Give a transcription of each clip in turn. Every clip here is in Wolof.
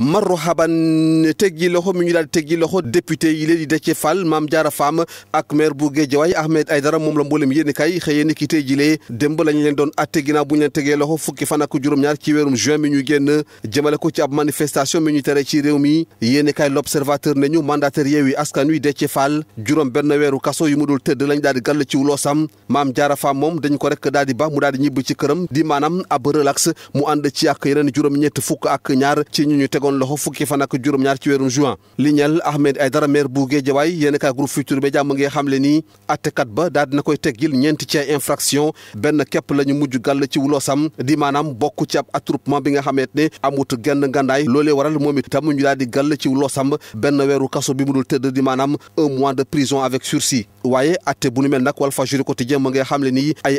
marhaban teggi loxo mi ñu daal teggi loxo député yi leen di Déthié Fall Mame Diarra Fam ak maire bu Guédiawaye Ahmed dara moom la mboolem yéen i kay xëyee ni ki tey jilee démb lañu leen doon atte ginnaaw bu ñu leen tegee loxo fukki fan ak juróom-ñaar ci weerum juin mi ñu ci ab mi ñu tere ci réew mi yéen i kay l'observateur nañu mandataire Yewwi Askan Wi Déthié juróom benn weeru kaso yu mu tëdd lañ daal di gàll ci wuloosam Mame Diarra Fam moom dañ ko rek daal di ba mu daal di ñibbi ci këram di maanaam ab relax mu ànd ci ak yeneen juróom-ñett fukk ak ñaar ci ñu ñu tegoon loxo fukki fan ak juróom-ñaar ci weerum juin li ñeel Ahmed Aidara maire bu Guédiawaay yéen kaa groupe Futurs Médias mu ngi xam le nii attekat ba daal dina koy teggil ñeenti ci infraction benn képp la ñu mujj gàll ci wuloosam di maanaam bokk ci ab attroupement bi nga xamante ne amut genn ngàndaay loolee waral moom itam ñu daal di gàll ci wuloosam benn weeru kaso bi mu dul tëdd di maanaam un mois de prison avec sursis waaye atte bu nu mel nag Walfadjri Quotidien mu ngi xam le nii ay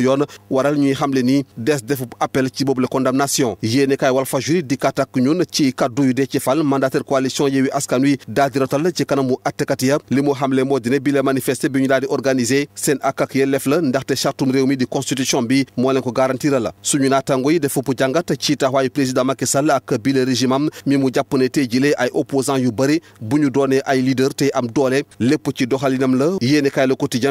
yoon waral ñuy le nii des defub ci boobu la condamnation yéenekaay Walfadjri dikkaat ak ñun ci kaddu yu dee ci fal Yewwi Askan Wi daal di ci kanamu attekat ya li mu moo dine bi la manifesté bi ñu daal di organiser seen ak ak ndaxte chartum réew di constitution bi moo leen ko suñu naataango yi def fu ci taxawaayu président Macky Sall ak bi mi mu jàpp ne tey jilee ay opposant yu bëri bu ñu ay leader tey am doole lépp ci doxalinam la yéenekaay Le Quotidien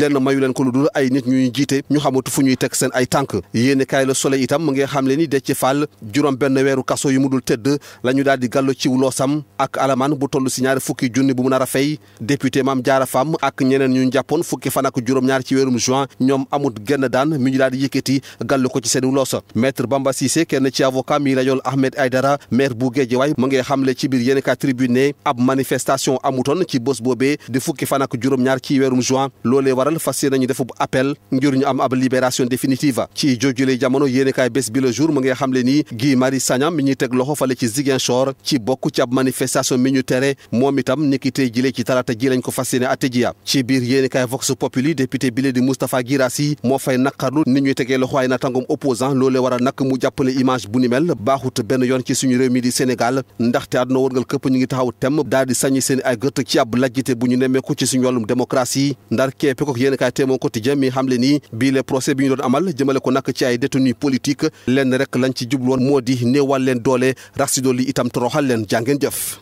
lenn mayu leen ko lu dul ay nit ñuy jiite ñu xamatu fu ñuy teg seen ay tànk yéeni kaay la soleil itam mu ngi xam le ni Déthié Fall juróom benn weeru kaso yu mu dul tëdd la ñu daal di gàllo ciw loosam ak alamaan bu toll si ñaari fukki junni bu mu nar a fay député Mame Diarra Fam ak ñeneen ñu jàppoon fukki fan ak juróom-ñaar ci weerum juin ñoom amut genn daan mi ñu daal di yëkkati gàllu ko ci seen loosa maître Bamba Cissé kenn ci avocat mi la yool Ahmed Aydara maire bu Guédiawaye mu ngi xamle ci biir yéeni kaay tribune ab manifestation amutoon ci bés boobee di fukki fan ak juróom-ñaar ci weerum juin waral fas yéene nañu def bu appel ngir am ab libération définitive ci jojule jamono yéenekaay bés bi le jour mu ni Guy Marius Sagna mi teg loxo fale ci Ziguinchor ci bokk ci ab manifestation mi ñu tere moom itam niki tey jile ci talaata ji lañ ko fas yéene atte ji ci biir yéenekaay Vox Populi député bile di Moustapha Guirassy moo fay naqarlu ni ñuy tegee loxo ay nattangom opposant loolee waral nag mu jàppale image bu ni mel baaxut ñu ngi taxaw yéen kaay tee moo quotidien mi xam le nii bii le procès bi ñu doon amal jëmale ko nag ci ay détenus politique lenn rek lañ ci jublu woon moo di néewal leen doole rax si dolli itam toroxal leen jàngeen jëf